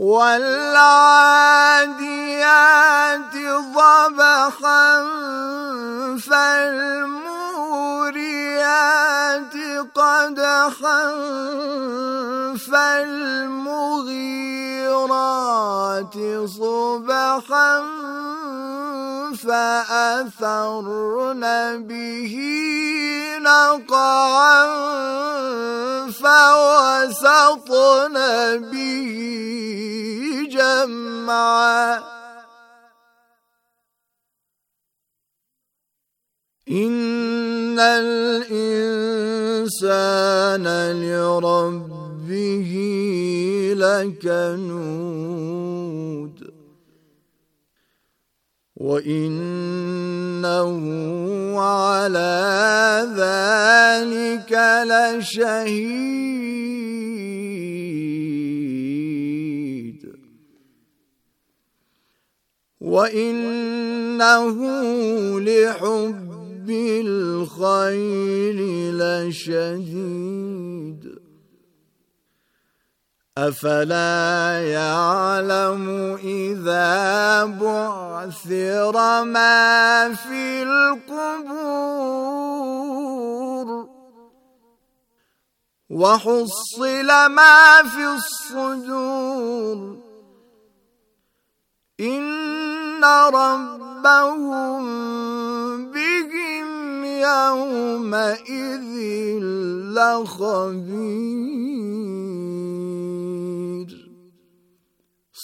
والعاديات ضبحا فالموريات قدحا فالمغيرات صبحا فأثرن به نقعا فوسطن به جمعا إن الإنسان لربه لكنون وانه على ذلك لشهيد وانه لحب الخير لشديد أفلا يعلم إذا بعثر ما في القبور وحصل ما في الصدور إن ربهم بهم يومئذ لخبير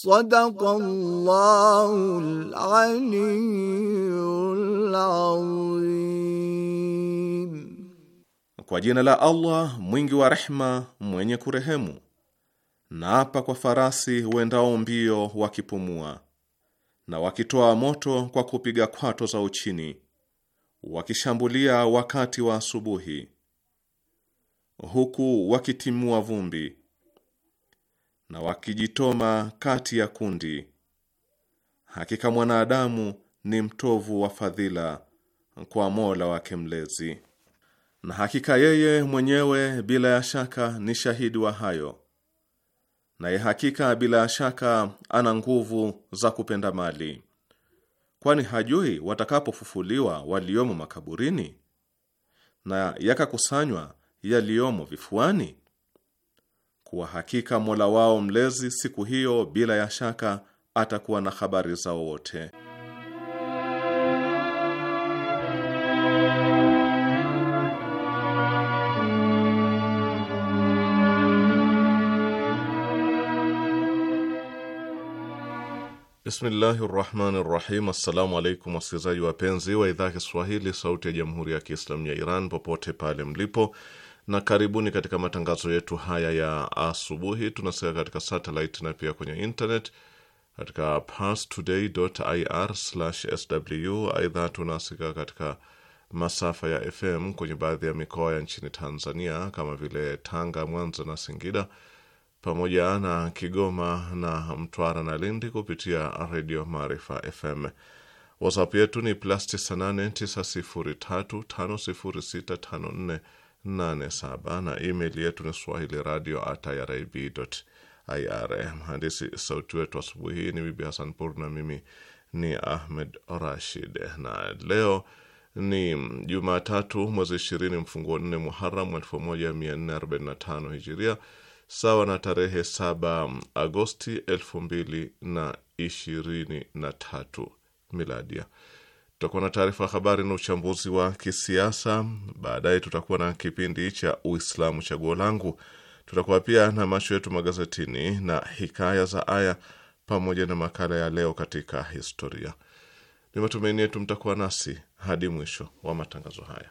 صدق الله العلي العظيم Kwa jina la Allah mwingi wa rehma mwenye kurehemu. Naapa kwa farasi wendao mbio wakipumua na wakitoa moto kwa kupiga kwato za uchini, wakishambulia wakati wa asubuhi, huku wakitimua vumbi na wakijitoma kati ya kundi. Hakika mwanadamu ni mtovu wa fadhila kwa Mola wake mlezi, na hakika yeye mwenyewe bila ya shaka ni shahidi wa hayo, naye hakika bila ya shaka ana nguvu za kupenda mali, kwani hajui watakapofufuliwa waliomo makaburini na yakakusanywa yaliyomo vifuani kuwa hakika Mola wao mlezi siku hiyo bila ya shaka atakuwa na habari zao wote. Bismillahi rahmani rahim. Assalamu alaikum wasikilizaji wapenzi wa idhaa Kiswahili sauti ya jamhuri ya Kiislamu ya Iran popote pale mlipo na karibuni katika matangazo yetu haya ya asubuhi. tunasika katika satellite na pia kwenye internet katika parstoday.ir/sw. Aidha, tunasika katika masafa ya FM kwenye baadhi ya mikoa ya nchini Tanzania kama vile Tanga, Mwanza na Singida pamoja na Kigoma na Mtwara na Lindi kupitia Redio Maarifa FM. WhatsApp yetu ni plus 9890350654 87 na email yetu ni swahili radio at ir. Mhandisi sauti wetu asubuhi hii ni Bibi Hasan Pur na mimi ni Ahmed Rashid, na leo ni Jumatatu mwezi ishirini mfunguo nne Muharam 1445 hijiria sawa na tarehe 7 Agosti 2023 miladia. Tutakuwa na taarifa ya habari na uchambuzi wa kisiasa. Baadaye tutakuwa na kipindi cha Uislamu chaguo langu. Tutakuwa pia na macho yetu magazetini na hikaya za aya pamoja na makala ya leo katika historia. Ni matumaini yetu mtakuwa nasi hadi mwisho wa matangazo haya.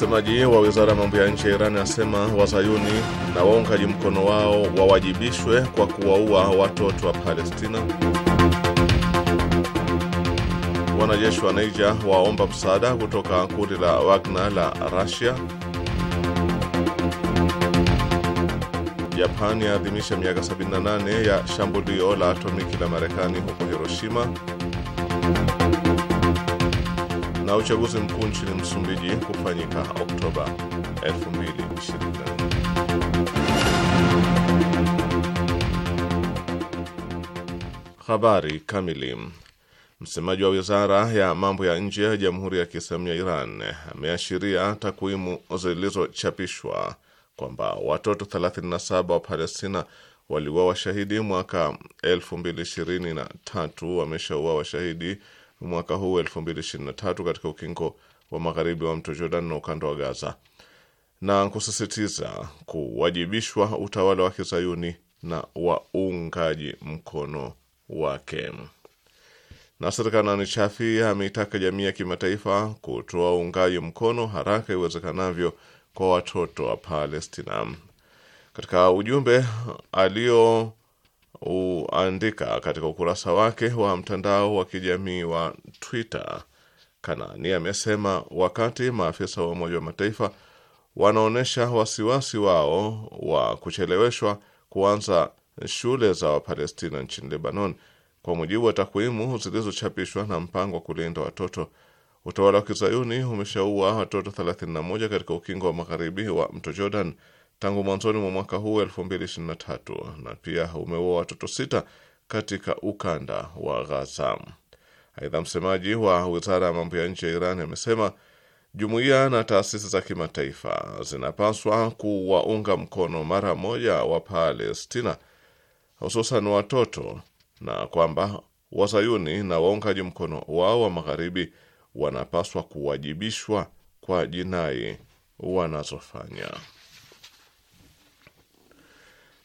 Msemaji wa wizara ya mambo ya nje ya Iran anasema wazayuni na waungaji mkono wao wawajibishwe kwa kuwaua watoto wa Palestina. Wanajeshi wa Niger waomba msaada kutoka kundi la Wagner la Russia. Japani yaadhimisha miaka 78 ya shambulio la atomiki la Marekani huko Hiroshima na uchaguzi mkuu nchini Msumbiji kufanyika Oktoba 2024. Habari kamili. Msemaji wa wizara ya mambo ya nje ya Jamhuri ya Kiislamu ya Iran ameashiria takwimu zilizochapishwa kwamba watoto 37 wa Palestina waliuawa washahidi mwaka 2023 wameshauawa washahidi mwaka huu tatu katika ukingo wa magharibi wa mto Jordan na ukanda wa Gaza na kusisitiza kuwajibishwa utawala wa kizayuni na waungaji mkono wake. Nasser Kanaani Chafi ameitaka jamii ya kimataifa kutoa uungaji mkono haraka iwezekanavyo kwa watoto wa Palestina. Katika ujumbe alio uandika katika ukurasa wake wa mtandao wa kijamii wa Twitter. Kanani amesema wakati maafisa wa Umoja wa Mataifa wanaonyesha wasiwasi wao wa kucheleweshwa kuanza shule za Wapalestina nchini Lebanon, kwa mujibu wa takwimu zilizochapishwa na mpango wa kulinda watoto, utawala wa kizayuni umeshaua watoto 31 katika ukingo wa magharibi wa mto Jordan tangu mwanzoni mwa mwaka huu 2023 na pia umeua watoto sita katika ukanda wa Ghaza. Aidha, msemaji wa wizara ya mambo ya nje ya Iran amesema jumuiya na taasisi za kimataifa zinapaswa kuwaunga mkono mara moja wa Palestina, hususan watoto, na kwamba wazayuni na waungaji mkono wao wa magharibi wanapaswa kuwajibishwa kwa jinai wanazofanya.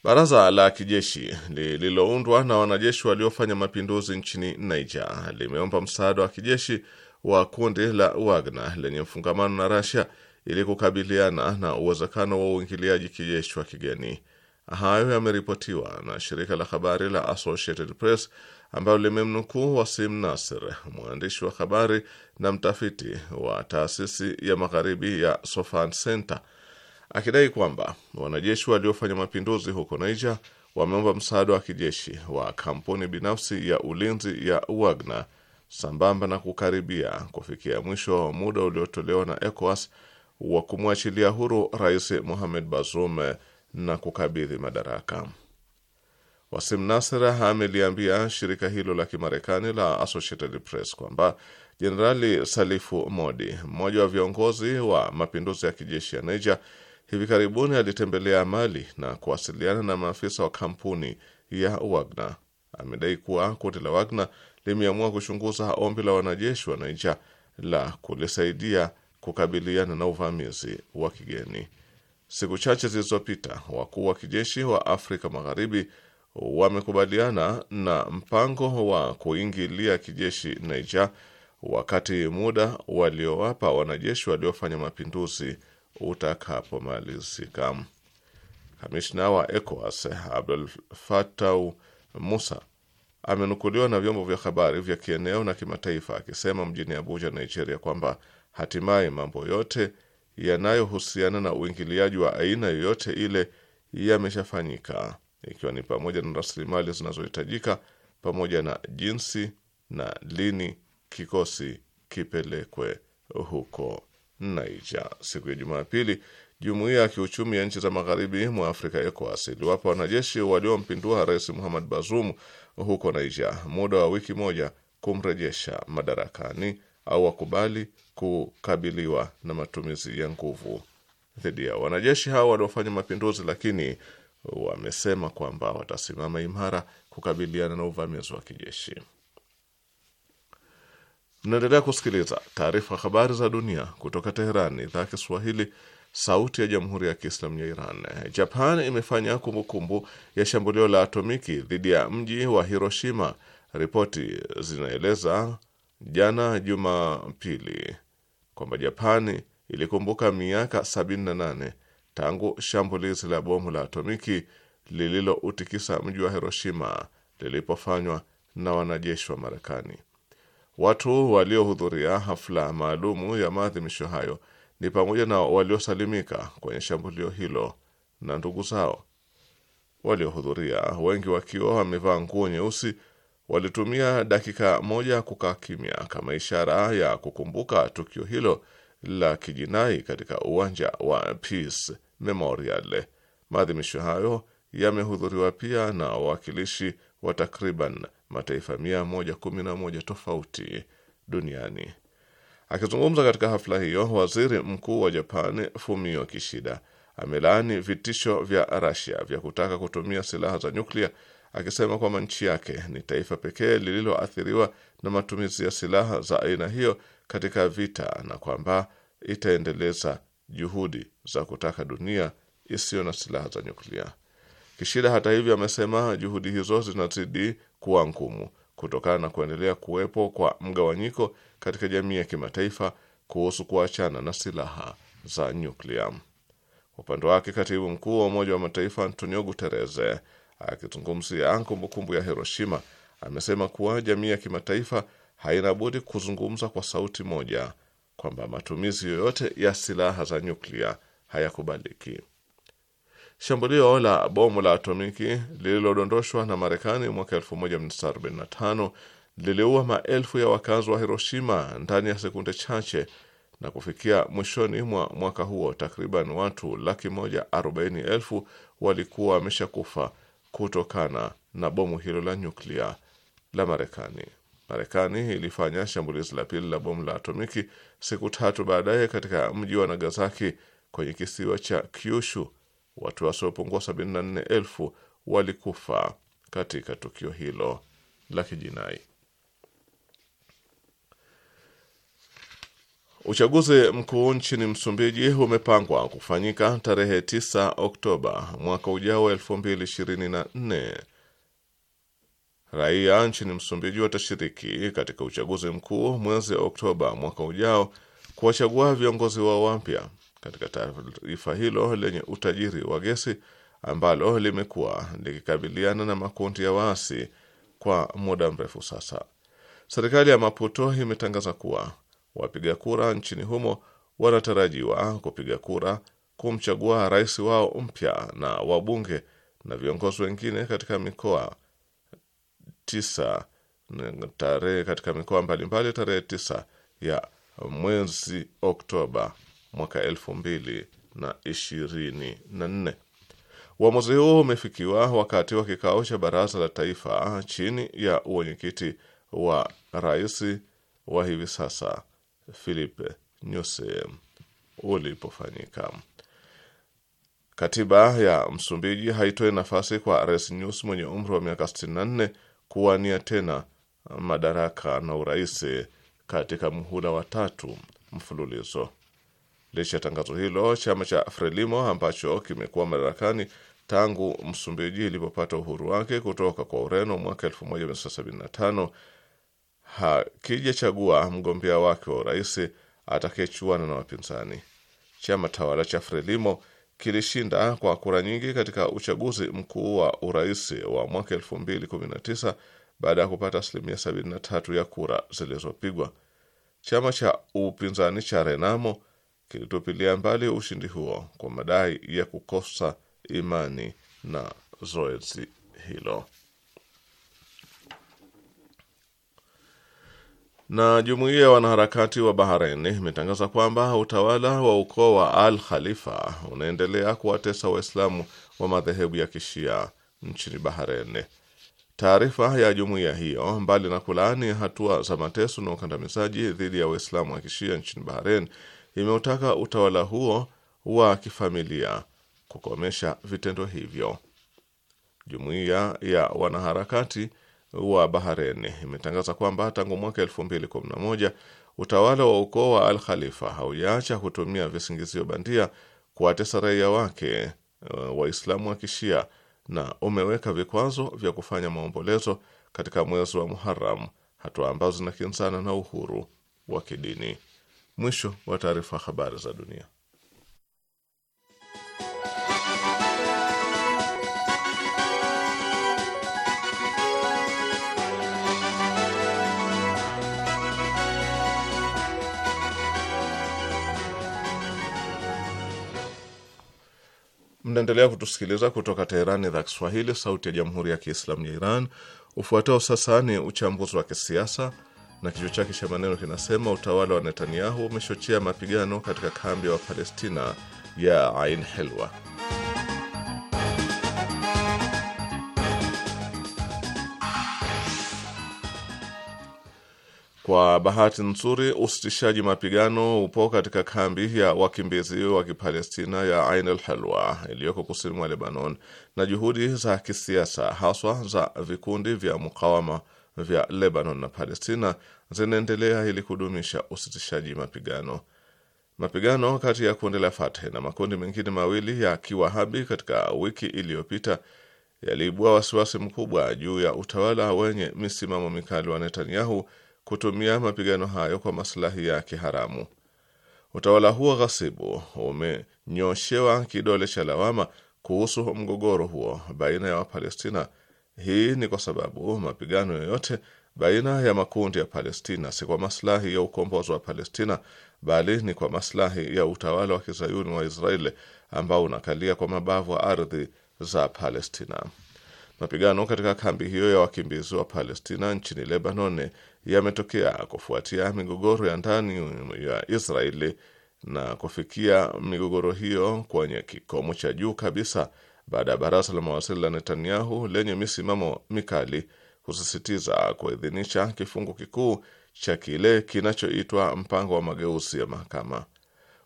Baraza la kijeshi lililoundwa na wanajeshi waliofanya mapinduzi nchini Niger limeomba msaada wa kijeshi wa kundi la Wagner lenye mfungamano na Russia ili kukabiliana na uwezekano wa uingiliaji kijeshi wa kigeni. Hayo yameripotiwa na shirika la habari la Associated Press ambalo limemnukuu Wasim Nasir, mwandishi wa habari na mtafiti wa taasisi ya magharibi ya Sofan Center akidai kwamba wanajeshi waliofanya mapinduzi huko Niger wameomba msaada wa kijeshi wa kampuni binafsi ya ulinzi ya Wagner sambamba na kukaribia kufikia mwisho wa muda uliotolewa na ECOWAS wa kumwachilia huru Rais Mohamed Bazoum na kukabidhi madaraka. Wasim Nasser ameliambia shirika hilo la Kimarekani la Associated Press kwamba Jenerali Salifu Modi, mmoja wa viongozi wa mapinduzi ya kijeshi ya Niger, hivi karibuni alitembelea Mali na kuwasiliana na maafisa wa kampuni ya Wagner. Amedai kuwa kundi la Wagner limeamua kuchunguza ombi la wanajeshi wa Niger la kulisaidia kukabiliana na uvamizi wa kigeni. Siku chache zilizopita, wakuu wa kijeshi wa Afrika Magharibi wamekubaliana na mpango wa kuingilia kijeshi Niger wakati muda waliowapa wanajeshi waliofanya mapinduzi utakapomalizika. Kamishna wa ECOWAS Abdul Fatau Musa amenukuliwa na vyombo vya habari vya kieneo na kimataifa akisema mjini Abuja, Nigeria, kwamba hatimaye mambo yote yanayohusiana na uingiliaji wa aina yoyote ile yameshafanyika, ikiwa ni pamoja na rasilimali zinazohitajika pamoja na jinsi na lini kikosi kipelekwe huko Niger. Siku ya Jumapili, jumuiya ya kiuchumi ya nchi za magharibi mwa Afrika ECOWAS iliwapa wanajeshi waliompindua Rais Muhammad Bazoum huko Niger muda wa wiki moja kumrejesha madarakani au wakubali kukabiliwa na matumizi ya nguvu dhidi ya Wanajeshi hao waliofanya mapinduzi, lakini wamesema kwamba watasimama imara kukabiliana na uvamizi wa kijeshi. Mnaendelea kusikiliza taarifa habari za dunia kutoka Teherani, idhaa ya Kiswahili, sauti ya jamhuri ya kiislamu ya Iran. Japan imefanya kumbukumbu kumbu ya shambulio la atomiki dhidi ya mji wa Hiroshima, ripoti zinaeleza jana Jumapili kwamba Japani ilikumbuka miaka 78 tangu shambulizi la bomu la atomiki lililoutikisa mji wa Hiroshima lilipofanywa na wanajeshi wa Marekani. Watu waliohudhuria hafla maalumu ya maadhimisho hayo ni pamoja na waliosalimika kwenye shambulio hilo na ndugu zao. Waliohudhuria wengi wakiwa wamevaa nguo nyeusi walitumia dakika moja kukaa kimya kama ishara ya kukumbuka tukio hilo la kijinai katika uwanja wa Peace Memorial. Maadhimisho hayo yamehudhuriwa pia na wawakilishi wa takriban mataifa mia moja kumi na moja tofauti duniani. Akizungumza katika hafla hiyo, waziri mkuu wa Japani Fumio Kishida amelaani vitisho vya Rasia vya kutaka kutumia silaha za nyuklia akisema kwamba nchi yake ni taifa pekee lililoathiriwa na matumizi ya silaha za aina hiyo katika vita na kwamba itaendeleza juhudi za kutaka dunia isiyo na silaha za nyuklia. Kishida hata hivyo, amesema juhudi hizo zinazidi kuwa ngumu kutokana na kuendelea kuwepo kwa mgawanyiko katika jamii ya kimataifa kuhusu kuachana na silaha za nyuklia. Kwa upande wake, katibu mkuu wa Umoja wa Mataifa Antonio Guterres akizungumzia kumbukumbu ya Hiroshima amesema kuwa jamii ya kimataifa haina budi kuzungumza kwa sauti moja kwamba matumizi yoyote ya silaha za nyuklia hayakubaliki. Shambulio la bomu la atomiki lililodondoshwa na Marekani mwaka 1945 liliua maelfu ya wakazi wa Hiroshima ndani ya sekunde chache na kufikia mwishoni mwa mwaka huo takriban watu laki moja arobaini elfu walikuwa wameshakufa kutokana na bomu hilo la nyuklia la Marekani. Marekani ilifanya shambulizi la pili la bomu la atomiki siku tatu baadaye katika mji wa Nagasaki kwenye kisiwa cha Kyushu watu wasiopungua 74,000 walikufa katika tukio hilo la kijinai. Uchaguzi mkuu nchini Msumbiji umepangwa kufanyika tarehe 9 Oktoba mwaka ujao 2024. Raia nchini Msumbiji watashiriki katika uchaguzi mkuu mwezi Oktoba mwaka ujao kuwachagua viongozi wao wapya katika taifa hilo lenye utajiri wa gesi ambalo limekuwa likikabiliana na makundi ya waasi kwa muda mrefu sasa. Serikali ya Maputo imetangaza kuwa wapiga kura nchini humo wanatarajiwa kupiga kura kumchagua rais wao mpya na wabunge na viongozi wengine katika mikoa tisa tarehe katika mikoa mbalimbali tarehe tisa ya mwezi Oktoba mwaka elfu mbili na ishirini na nne. Uamuzi huo umefikiwa wakati wa kikao cha baraza la taifa chini ya uwenyekiti wa rais wa hivi sasa Philipe Nyusi ulipofanyika. Katiba ya Msumbiji haitoi nafasi kwa Rais Nyusi mwenye umri wa miaka 64 kuwania tena madaraka na urais katika muhula wa tatu mfululizo. Licha ya tangazo hilo, chama cha Frelimo ambacho kimekuwa madarakani tangu Msumbiji ilipopata uhuru wake kutoka kwa Ureno mwaka 1975 hakijachagua mgombea wake wa urais atakayechuana na wapinzani. Chama tawala cha Frelimo kilishinda kwa kura nyingi katika uchaguzi mkuu wa urais wa mwaka 2019 baada ya kupata asilimia 73 ya kura zilizopigwa. Chama cha upinzani cha Renamo kilitupilia mbali ushindi huo kwa madai ya kukosa imani na zoezi hilo. Na jumuiya ya wanaharakati wa Bahareni imetangaza kwamba utawala wa ukoo wa Al Khalifa unaendelea kuwatesa Waislamu wa madhehebu ya Kishia nchini Bahareni. Taarifa ya jumuiya hiyo, mbali na kulaani hatua za mateso na ukandamizaji dhidi ya Waislamu wa Kishia nchini Bahrain, imeutaka utawala huo wa kifamilia kukomesha vitendo hivyo. Jumuiya ya wanaharakati wa Bahareni imetangaza kwamba tangu mwaka 2011 utawala wa ukoo wa Al Khalifa haujaacha kutumia visingizio bandia kuwatesa raia wake uh, Waislamu wa Kishia na umeweka vikwazo vya kufanya maombolezo katika mwezi wa Muharram, hatua ambazo zinakinzana na uhuru wa kidini. Mwisho wa taarifa. Habari za dunia. Mnaendelea kutusikiliza kutoka Teherani, idhaa Kiswahili, sauti ya jamhuri ya kiislamu ya Iran. Ufuatao sasa ni uchambuzi wa kisiasa na kichwa chake cha maneno kinasema utawala wa Netanyahu umechochea mapigano katika kambi ya wa Wapalestina ya Ain Helwa. Kwa bahati nzuri, usitishaji mapigano upo katika kambi ya wakimbizi wa Kipalestina ya Ain el Helwa iliyoko kusini mwa Lebanon, na juhudi za kisiasa haswa za vikundi vya mukawama vya Lebanon na Palestina zinaendelea ili kudumisha usitishaji mapigano. Mapigano kati ya kundi la Fatah na makundi mengine mawili ya kiwahabi katika wiki iliyopita yaliibua wasiwasi mkubwa juu ya utawala wenye misimamo mikali wa Netanyahu kutumia mapigano hayo kwa maslahi yake haramu. Utawala huo ghasibu umenyoshewa kidole cha lawama kuhusu mgogoro huo baina ya Wapalestina hii ni kwa sababu mapigano yoyote baina ya makundi ya Palestina si kwa maslahi ya ukombozi wa Palestina, bali ni kwa maslahi ya utawala wa kizayuni wa Israeli ambao unakalia kwa mabavu wa ardhi za Palestina. Mapigano katika kambi hiyo ya wakimbizi wa Palestina nchini Lebanon yametokea kufuatia migogoro ya ndani ya Israeli na kufikia migogoro hiyo kwenye kikomo cha juu kabisa baada ya baraza la mawaziri la Netanyahu lenye misimamo mikali kusisitiza kuidhinisha kifungu kikuu cha kile kinachoitwa mpango wa mageuzi ya mahakama.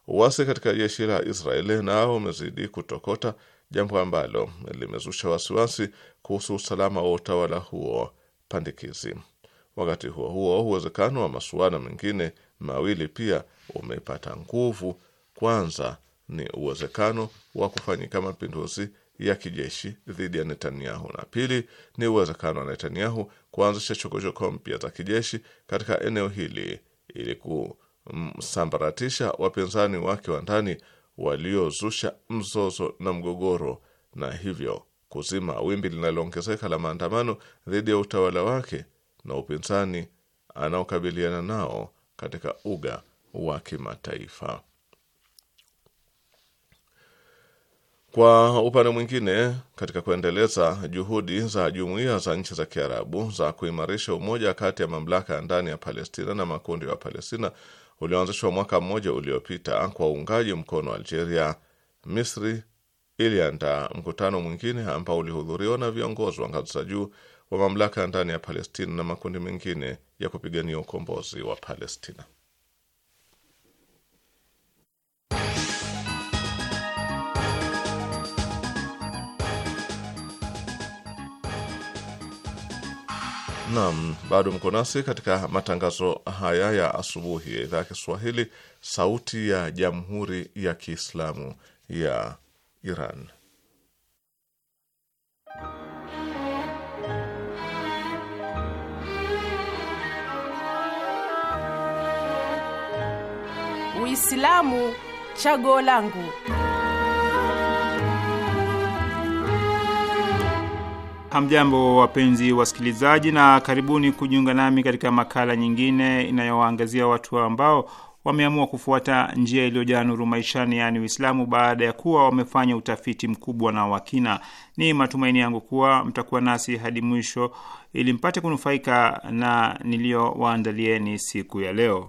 Uwasi katika jeshi la Israeli nao umezidi kutokota, jambo ambalo limezusha wasiwasi kuhusu usalama wa utawala huo pandikizi. Wakati huo huo, uwezekano wa masuala mengine mawili pia umepata nguvu. Kwanza ni uwezekano wa kufanyika mapinduzi ya kijeshi dhidi ya Netanyahu, na pili ni uwezekano wa Netanyahu kuanzisha chokochoko mpya za kijeshi katika eneo hili ili kumsambaratisha wapinzani wake wa ndani waliozusha mzozo na mgogoro na hivyo kuzima wimbi linaloongezeka la maandamano dhidi ya utawala wake na upinzani anaokabiliana nao katika uga wa kimataifa. Kwa upande mwingine, katika kuendeleza juhudi za jumuiya za nchi za Kiarabu za kuimarisha umoja kati ya mamlaka ya ndani ya Palestina na makundi ya Palestina ulioanzishwa mwaka mmoja uliopita kwa uungaji mkono wa Algeria, Misri iliandaa mkutano mwingine ambao ulihudhuriwa na viongozi wa ngazi za juu wa mamlaka ya ndani ya Palestina na makundi mengine ya kupigania ukombozi wa Palestina. Naam, bado mko nasi katika matangazo haya ya asubuhi ya idhaa ya Kiswahili, Sauti ya Jamhuri ya Kiislamu ya Iran. Uislamu chaguo langu. Hamjambo, wapenzi wasikilizaji, na karibuni kujiunga nami katika makala nyingine inayowaangazia watu ambao wameamua kufuata njia iliyojaa nuru maishani, yaani Uislamu, baada ya kuwa wamefanya utafiti mkubwa na wakina. Ni matumaini yangu kuwa mtakuwa nasi hadi mwisho ili mpate kunufaika na niliyowaandalieni siku ya leo.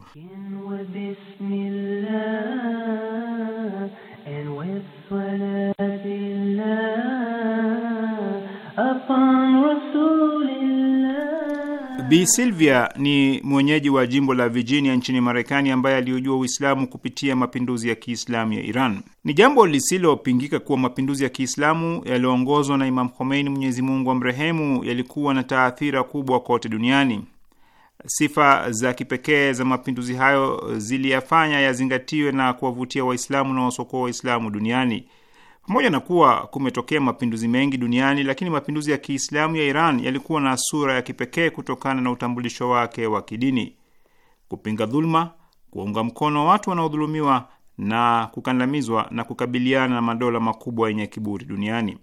Bi Silvia ni mwenyeji wa jimbo la Virginia nchini Marekani, ambaye aliujua Uislamu kupitia mapinduzi ya Kiislamu ya Iran. Ni jambo lisilopingika kuwa mapinduzi ya Kiislamu yaliyoongozwa na Imam Khomeini, Mwenyezi Mungu amrehemu, yalikuwa na taathira kubwa kote duniani. Sifa za kipekee za mapinduzi hayo ziliyafanya yazingatiwe na kuwavutia Waislamu na wasokoa Waislamu duniani. Pamoja na kuwa kumetokea mapinduzi mengi duniani, lakini mapinduzi ya Kiislamu ya Iran yalikuwa na sura ya kipekee kutokana na utambulisho wake wa kidini: kupinga dhuluma, kuwaunga mkono watu wanaodhulumiwa na kukandamizwa, na kukabiliana na madola makubwa yenye kiburi duniani.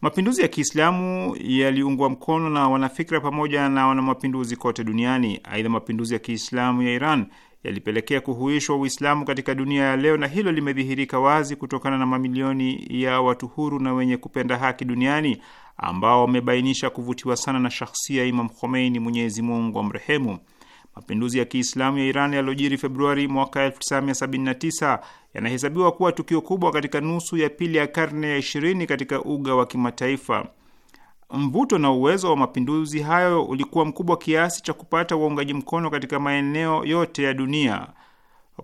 Mapinduzi ya Kiislamu yaliungwa mkono na wanafikra pamoja na wanamapinduzi kote duniani. Aidha, mapinduzi ya Kiislamu ya Iran yalipelekea kuhuishwa Uislamu katika dunia ya leo, na hilo limedhihirika wazi kutokana na mamilioni ya watu huru na wenye kupenda haki duniani ambao wamebainisha kuvutiwa sana na shakhsia ya Imam Khomeini, Mwenyezi Mungu amrehemu. Mapinduzi ya Kiislamu ya Iran yaliyojiri Februari mwaka 1979 yanahesabiwa kuwa tukio kubwa katika nusu ya pili ya karne ya 20 katika uga wa kimataifa. Mvuto na uwezo wa mapinduzi hayo ulikuwa mkubwa kiasi cha kupata waungaji mkono katika maeneo yote ya dunia.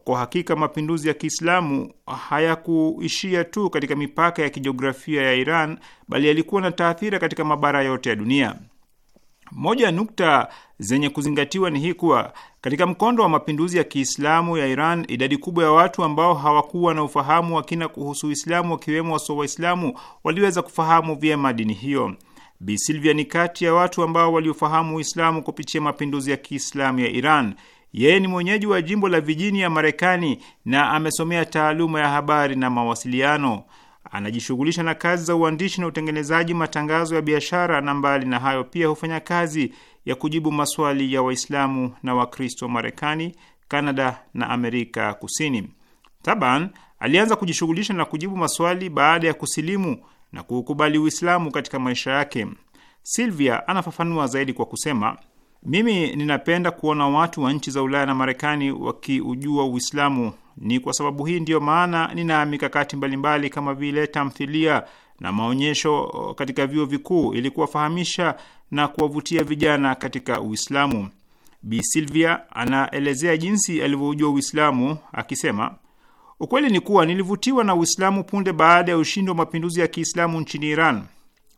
Kwa hakika mapinduzi ya Kiislamu hayakuishia tu katika mipaka ya kijiografia ya Iran, bali yalikuwa na taathira katika mabara yote ya dunia. Moja ya nukta zenye kuzingatiwa ni hii kuwa katika mkondo wa mapinduzi ya Kiislamu ya Iran, idadi kubwa ya watu ambao hawakuwa na ufahamu wa kina kuhusu Uislamu, wakiwemo wasio Waislamu, waliweza kufahamu vyema dini hiyo. Bi Silvia ni kati ya watu ambao waliofahamu Uislamu kupitia mapinduzi ya Kiislamu ya Iran. Yeye ni mwenyeji wa jimbo la Virginia, Marekani, na amesomea taaluma ya habari na mawasiliano. Anajishughulisha na kazi za uandishi na utengenezaji matangazo ya biashara, na mbali na hayo pia hufanya kazi ya kujibu maswali ya Waislamu na Wakristo Marekani, Kanada na Amerika Kusini. Taban alianza kujishughulisha na kujibu maswali baada ya kusilimu na kuukubali Uislamu katika maisha yake. Silvia anafafanua zaidi kwa kusema, mimi ninapenda kuona watu wa nchi za Ulaya na Marekani wakiujua Uislamu. Ni kwa sababu hii ndiyo maana nina mikakati mbalimbali kama vile tamthilia na maonyesho katika vyuo vikuu ili kuwafahamisha na kuwavutia vijana katika Uislamu. Bi Silvia anaelezea jinsi alivyoujua Uislamu akisema, Ukweli ni kuwa nilivutiwa na Uislamu punde baada ya ushindi wa mapinduzi ya Kiislamu nchini Iran.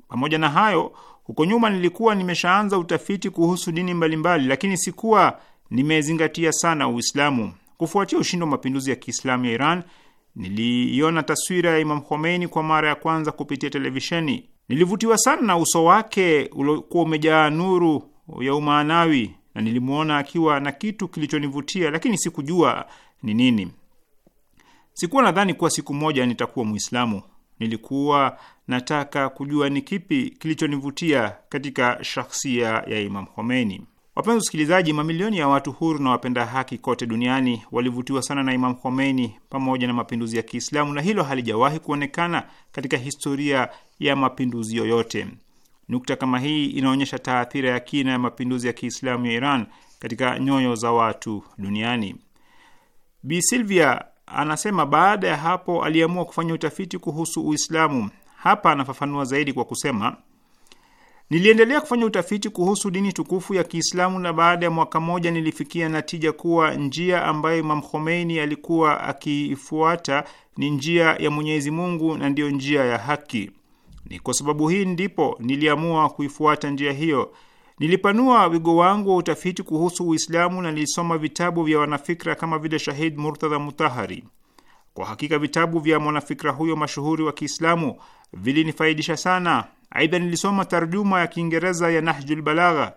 Pamoja na hayo, huko nyuma nilikuwa nimeshaanza utafiti kuhusu dini mbalimbali, lakini sikuwa nimezingatia sana Uislamu. Kufuatia ushindi wa mapinduzi ya Kiislamu ya Iran, niliiona taswira ya Imam Khomeini kwa mara ya kwanza kupitia televisheni. Nilivutiwa sana na uso wake uliokuwa umejaa nuru ya umaanawi, na nilimwona akiwa na kitu kilichonivutia, lakini sikujua ni nini. Sikuwa nadhani kuwa siku moja nitakuwa Mwislamu. Nilikuwa nataka kujua ni kipi kilichonivutia katika shakhsia ya Imam Khomeini. Wapenzi wasikilizaji, mamilioni ya watu huru na wapenda haki kote duniani walivutiwa sana na Imam Khomeini pamoja na mapinduzi ya Kiislamu, na hilo halijawahi kuonekana katika historia ya mapinduzi yoyote. Nukta kama hii inaonyesha taathira ya kina ya mapinduzi ya Kiislamu ya Iran katika nyoyo za watu duniani. Bi Silvia anasema baada ya hapo aliamua kufanya utafiti kuhusu Uislamu. Hapa anafafanua zaidi kwa kusema, niliendelea kufanya utafiti kuhusu dini tukufu ya Kiislamu na baada ya mwaka mmoja nilifikia natija kuwa njia ambayo Imam Khomeini alikuwa akiifuata ni njia ya Mwenyezi Mungu na ndiyo njia ya haki. Ni kwa sababu hii ndipo niliamua kuifuata njia hiyo. Nilipanua wigo wangu wa utafiti kuhusu Uislamu na nilisoma vitabu vya wanafikra kama vile Shahid Murtadha Mutahari. Kwa hakika vitabu vya mwanafikra huyo mashuhuri wa Kiislamu vilinifaidisha sana. Aidha, nilisoma tarjuma ya Kiingereza ya Nahjul Balagha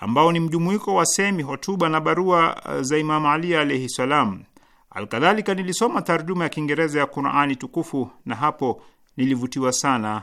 ambao ni mjumuiko wa semi, hotuba na barua eh, za Imamu Ali alaihi salam. Alkadhalika nilisoma tarjuma ya Kiingereza ya Qurani tukufu na hapo nilivutiwa sana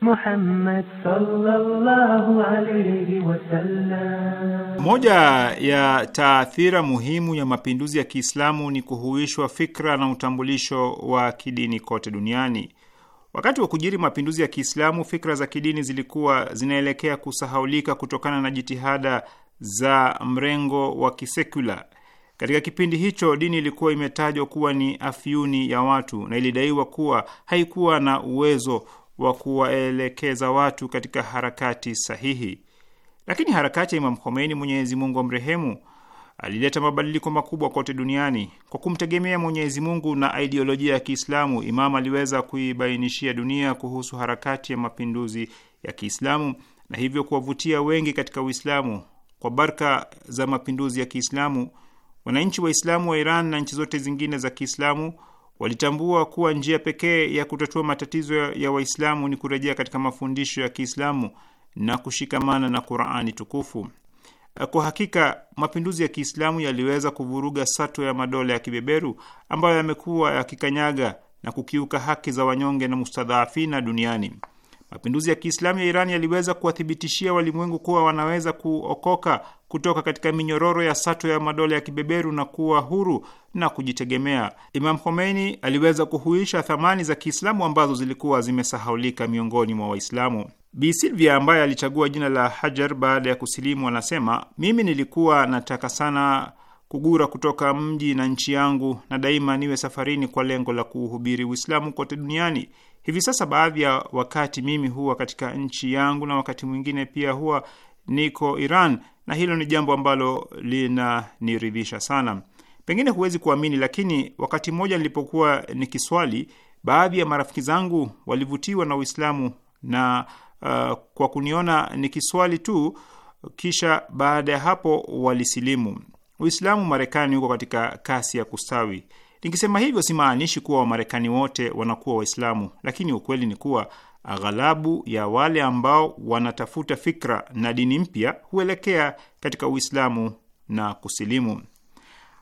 Muhammad sallallahu alayhi wasallam. Moja ya taathira muhimu ya mapinduzi ya Kiislamu ni kuhuishwa fikra na utambulisho wa kidini kote duniani. Wakati wa kujiri mapinduzi ya Kiislamu, fikra za kidini zilikuwa zinaelekea kusahaulika kutokana na jitihada za mrengo wa kisekula. Katika kipindi hicho dini ilikuwa imetajwa kuwa ni afyuni ya watu na ilidaiwa kuwa haikuwa na uwezo wa kuwaelekeza watu katika harakati sahihi. Lakini harakati ya Imam Khomeini, Mwenyezi Mungu amrehemu, alileta mabadiliko makubwa kote duniani. Kwa kumtegemea Mwenyezi Mungu na aidiolojia ya Kiislamu, Imam aliweza kuibainishia dunia kuhusu harakati ya mapinduzi ya Kiislamu na hivyo kuwavutia wengi katika Uislamu. Kwa baraka za mapinduzi ya Kiislamu, wananchi Waislamu wa Iran na nchi zote zingine za Kiislamu Walitambua kuwa njia pekee ya kutatua matatizo ya Waislamu ni kurejea katika mafundisho ya Kiislamu na kushikamana na Qurani tukufu. Kwa hakika mapinduzi ya Kiislamu yaliweza kuvuruga sato ya madola ya kibeberu ambayo yamekuwa yakikanyaga na kukiuka haki za wanyonge na mustadhaafina duniani. Mapinduzi ya Kiislamu ya Iran yaliweza kuwathibitishia walimwengu kuwa wanaweza kuokoka kutoka katika minyororo ya sato ya madola ya kibeberu na kuwa huru na kujitegemea. Imam Khomeini aliweza kuhuisha thamani za Kiislamu ambazo zilikuwa zimesahaulika miongoni mwa Waislamu. Bi Silvia ambaye alichagua jina la Hajar baada ya kusilimu, anasema mimi nilikuwa nataka sana kugura kutoka mji na nchi yangu, na daima niwe safarini kwa lengo la kuuhubiri Uislamu kote duniani. Hivi sasa baadhi ya wakati mimi huwa katika nchi yangu na wakati mwingine pia huwa niko Iran, na hilo ni jambo ambalo linaniridhisha sana. Pengine huwezi kuamini, lakini wakati mmoja nilipokuwa nikiswali, baadhi ya marafiki zangu walivutiwa na Uislamu na uh, kwa kuniona nikiswali tu, kisha baada ya hapo walisilimu. Uislamu Marekani uko katika kasi ya kustawi. Nikisema hivyo simaanishi kuwa Wamarekani wote wanakuwa Waislamu, lakini ukweli ni kuwa aghalabu ya wale ambao wanatafuta fikra na dini mpya huelekea katika Uislamu na kusilimu.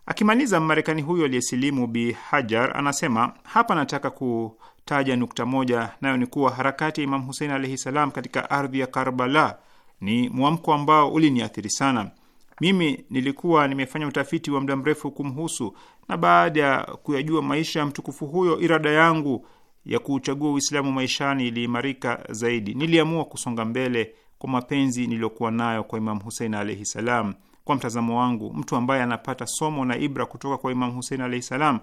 Akimaliza, marekani huyo aliyesilimu Bi Hajar anasema hapa nataka kutaja nukta moja, nayo ni kuwa harakati ya Imam Husein alaihi salam katika ardhi ya Karbala ni mwamko ambao uliniathiri sana. Mimi nilikuwa nimefanya utafiti wa muda mrefu kumhusu, na baada ya kuyajua maisha ya mtukufu huyo, irada yangu ya kuuchagua Uislamu maishani iliimarika zaidi. Niliamua kusonga mbele kwa mapenzi niliyokuwa nayo kwa Imam Husein alaihi salam. Kwa mtazamo wangu, mtu ambaye anapata somo na ibra kutoka kwa Imam Husein alaihi salam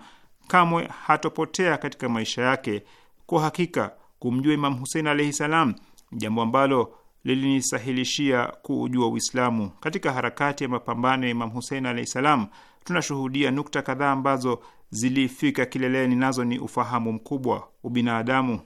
kamwe hatopotea katika maisha yake. Kwa hakika kumjua Imam Husein alaihi salam, jambo ambalo lilinisahilishia kuujua Uislamu. Katika harakati ya mapambano ya Imam Husein alahi salam, tunashuhudia nukta kadhaa ambazo zilifika kileleni, nazo ni ufahamu mkubwa, ubinadamu,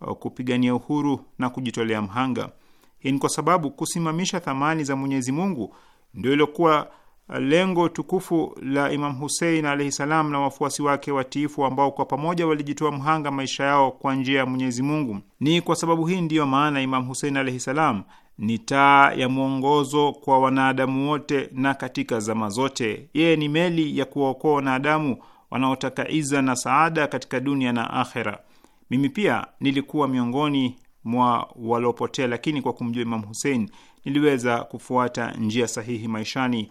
uh, kupigania uhuru na kujitolea mhanga. Hii ni kwa sababu kusimamisha thamani za Mwenyezi Mungu ndio iliokuwa lengo tukufu la Imam Husein alaihi salam na wafuasi wake watiifu ambao kwa pamoja walijitoa mhanga maisha yao kwa njia ya Mwenyezi Mungu. Ni kwa sababu hii ndiyo maana Imam Husein alaihi salam ni taa ya mwongozo kwa wanadamu wote na katika zama zote. Yeye ni meli ya kuwaokoa wanadamu wanaotaka iza na saada katika dunia na akhera. Mimi pia nilikuwa miongoni mwa waliopotea, lakini kwa kumjua Imam Husein niliweza kufuata njia sahihi maishani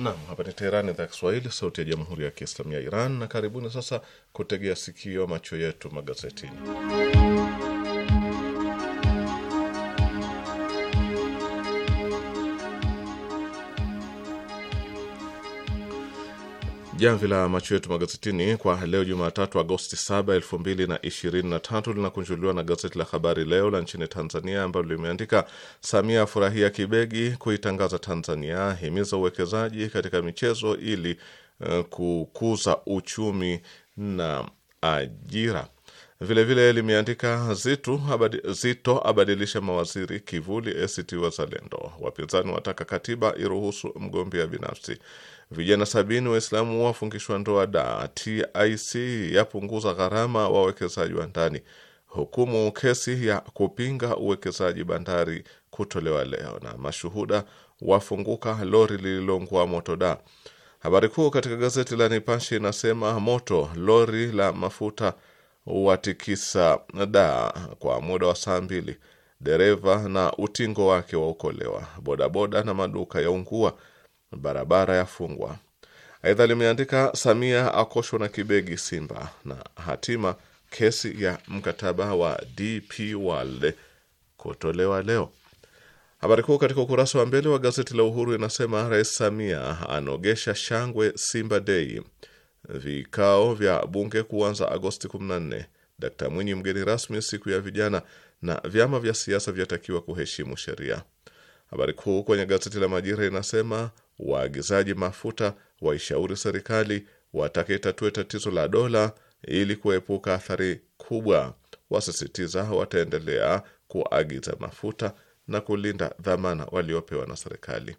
Naam, hapa ni Teherani, idhaa Kiswahili, sauti ya jamhuri ya kiislamu ya Iran, na karibuni sasa kutegea sikio macho yetu magazetini Jamvi la macho yetu magazetini kwa leo Jumatatu, Agosti 7, 2023 linakunjuliwa na gazeti la Habari Leo la nchini Tanzania, ambalo limeandika Samia afurahia Kibegi kuitangaza Tanzania, himiza uwekezaji katika michezo ili uh, kukuza uchumi na ajira. Vilevile limeandika Zito, abadi, Zito abadilishe mawaziri kivuli ACT Wazalendo, wapinzani wataka katiba iruhusu mgombea binafsi Vijana sabini Waislamu wafungishwa ndoa da. TIC yapunguza gharama wawekezaji wa ndani. Hukumu kesi ya kupinga uwekezaji bandari kutolewa leo, na mashuhuda wafunguka lori lililongua moto da. Habari kuu katika gazeti la Nipashe inasema moto lori la mafuta watikisa da kwa muda wa saa mbili, dereva na utingo wake waokolewa, bodaboda na maduka yaungua barabara yafungwa. Aidha limeandika Samia akoshwa na kibegi Simba na hatima kesi ya mkataba wa DP World kutolewa leo. Habari kuu katika ukurasa wa mbele wa gazeti la Uhuru inasema Rais Samia anogesha shangwe Simba Day, vikao vya bunge kuanza Agosti 14, Dkt Mwinyi mgeni rasmi siku ya vijana, na vyama vya siasa vyatakiwa kuheshimu sheria. Habari kuu kwenye gazeti la Majira inasema Waagizaji mafuta waishauri serikali watake itatue tatizo la dola ili kuepuka athari kubwa. Wasisitiza wataendelea kuagiza mafuta na kulinda dhamana waliopewa na serikali.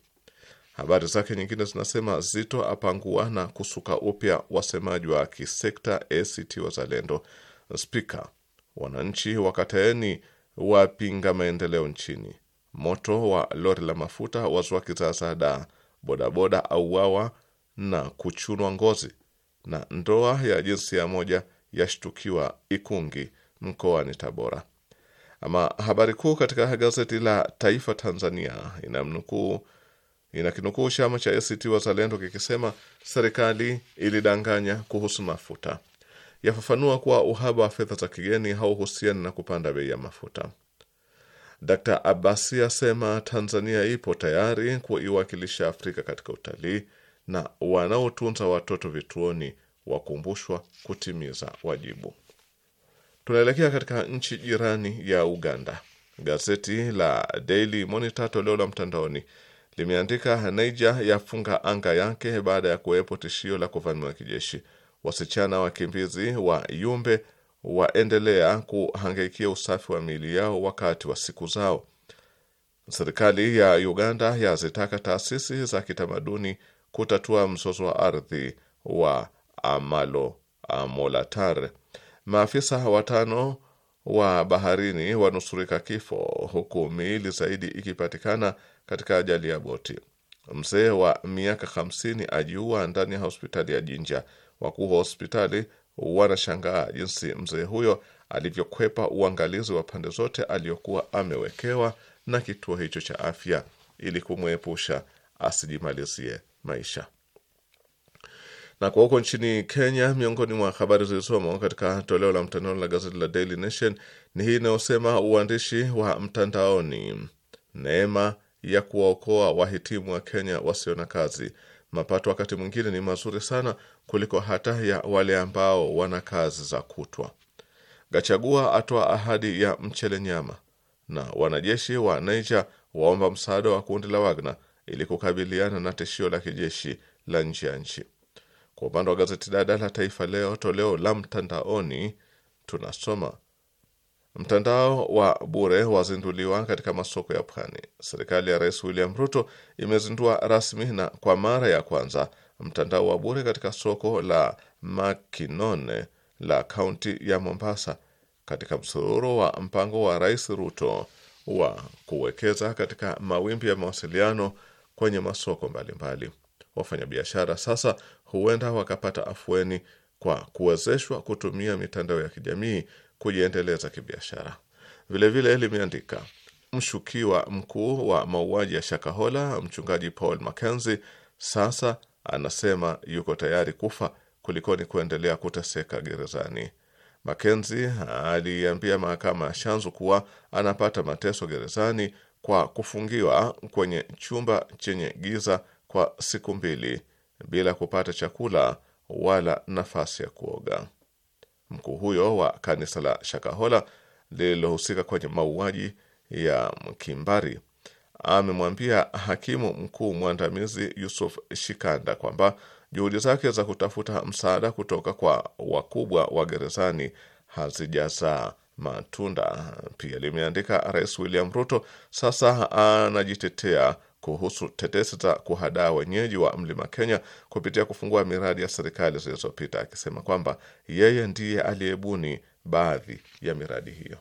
Habari zake nyingine zinasema Zito apangua na kusuka upya wasemaji wa kisekta ACT Wazalendo. Spika: wananchi wakataeni wapinga maendeleo nchini. Moto wa lori la mafuta wazua kizaazaa daa bodaboda auawa na kuchunwa ngozi, na ndoa ya jinsia moja yashtukiwa Ikungi mkoani Tabora. Ama habari kuu katika gazeti la Taifa Tanzania inamnukuu inakinukuu chama cha ACT Wazalendo kikisema serikali ilidanganya kuhusu mafuta, yafafanua kuwa uhaba wa fedha za kigeni hauhusiani na kupanda bei ya mafuta. Dr Abasi asema Tanzania ipo tayari kuiwakilisha Afrika katika utalii na wanaotunza watoto vituoni wakumbushwa kutimiza wajibu. Tunaelekea katika nchi jirani ya Uganda. Gazeti la Daily Monitor toleo la mtandaoni limeandika Niger yafunga anga yake baada ya kuwepo tishio la kuvamiwa kijeshi. Wasichana wakimbizi wa Yumbe waendelea kuhangaikia usafi wa miili yao wakati wa siku zao. Serikali ya Uganda yazitaka taasisi za kitamaduni kutatua mzozo wa ardhi wa Amalo Amolatar. Maafisa watano wa baharini wanusurika kifo huku miili zaidi ikipatikana katika ajali ya boti. Mzee wa miaka 50 ajiua ndani ya hospitali ya Jinja. Wakuu wa hospitali wanashangaa jinsi mzee huyo alivyokwepa uangalizi wa pande zote aliyokuwa amewekewa na kituo hicho cha afya ili kumwepusha asijimalizie maisha. Na kwa huko nchini Kenya, miongoni mwa habari zilizomo katika toleo la mtandaoni la gazeti la Daily Nation ni hii inayosema uandishi wa mtandaoni, neema ya kuwaokoa wahitimu wa Kenya wasio na kazi Mapato wakati mwingine ni mazuri sana kuliko hata ya wale ambao wana kazi za kutwa. Gachagua atoa ahadi ya mchele nyama, na wanajeshi wa Niger waomba msaada wa kundi la Wagner ili kukabiliana na tishio la kijeshi la nje ya nchi. Kwa upande wa gazeti dada la Taifa Leo toleo la mtandaoni tunasoma Mtandao wa bure wazinduliwa katika masoko ya pwani. Serikali ya Rais William Ruto imezindua rasmi na kwa mara ya kwanza mtandao wa bure katika soko la Makinone la kaunti ya Mombasa katika msururo wa mpango wa Rais Ruto wa kuwekeza katika mawimbi ya mawasiliano kwenye masoko mbalimbali. Wafanyabiashara sasa huenda wakapata afueni kwa kuwezeshwa kutumia mitandao ya kijamii kujiendeleza kibiashara. Vilevile limeandika mshukiwa mkuu wa mauaji ya Shakahola, mchungaji Paul Mackenzie, sasa anasema yuko tayari kufa kulikoni kuendelea kuteseka gerezani. Mackenzie aliambia mahakama ya Shanzu kuwa anapata mateso gerezani kwa kufungiwa kwenye chumba chenye giza kwa siku mbili bila kupata chakula wala nafasi ya kuoga. Mkuu huyo wa kanisa la Shakahola lililohusika kwenye mauaji ya kimbari amemwambia hakimu mkuu mwandamizi Yusuf Shikanda kwamba juhudi zake za kutafuta msaada kutoka kwa wakubwa wa gerezani hazijazaa matunda. Pia limeandika Rais William Ruto sasa anajitetea kuhusu tetesi za kuhadaa wenyeji wa mlima Kenya kupitia kufungua miradi ya serikali zilizopita, akisema kwamba yeye ndiye aliyebuni baadhi ya miradi hiyo.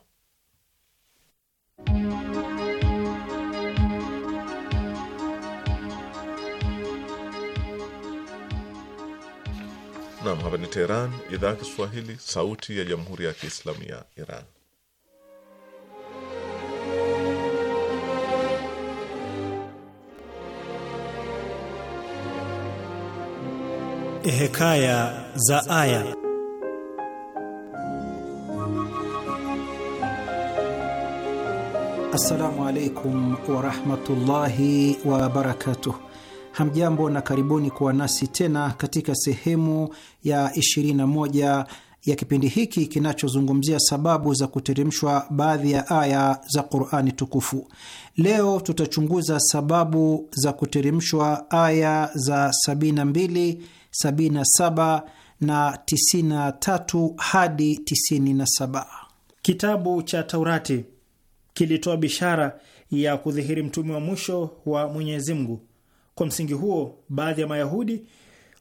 Nam, hapa ni Teheran, idhaa ya Kiswahili, sauti ya jamhuri ya kiislamu ya Iran. Eh, Hekaya za Aya. Assalamu alaikum warahmatullahi wabarakatuh. Hamjambo na karibuni kuwa nasi tena katika sehemu ya 21 ya kipindi hiki kinachozungumzia sababu za kuteremshwa baadhi ya aya za Qurani tukufu. Leo tutachunguza sababu za kuteremshwa aya za 72 77 na 93 hadi 97. Kitabu cha Taurati kilitoa bishara ya kudhihiri mtume wa mwisho wa Mwenyezi Mungu. Kwa msingi huo, baadhi ya Mayahudi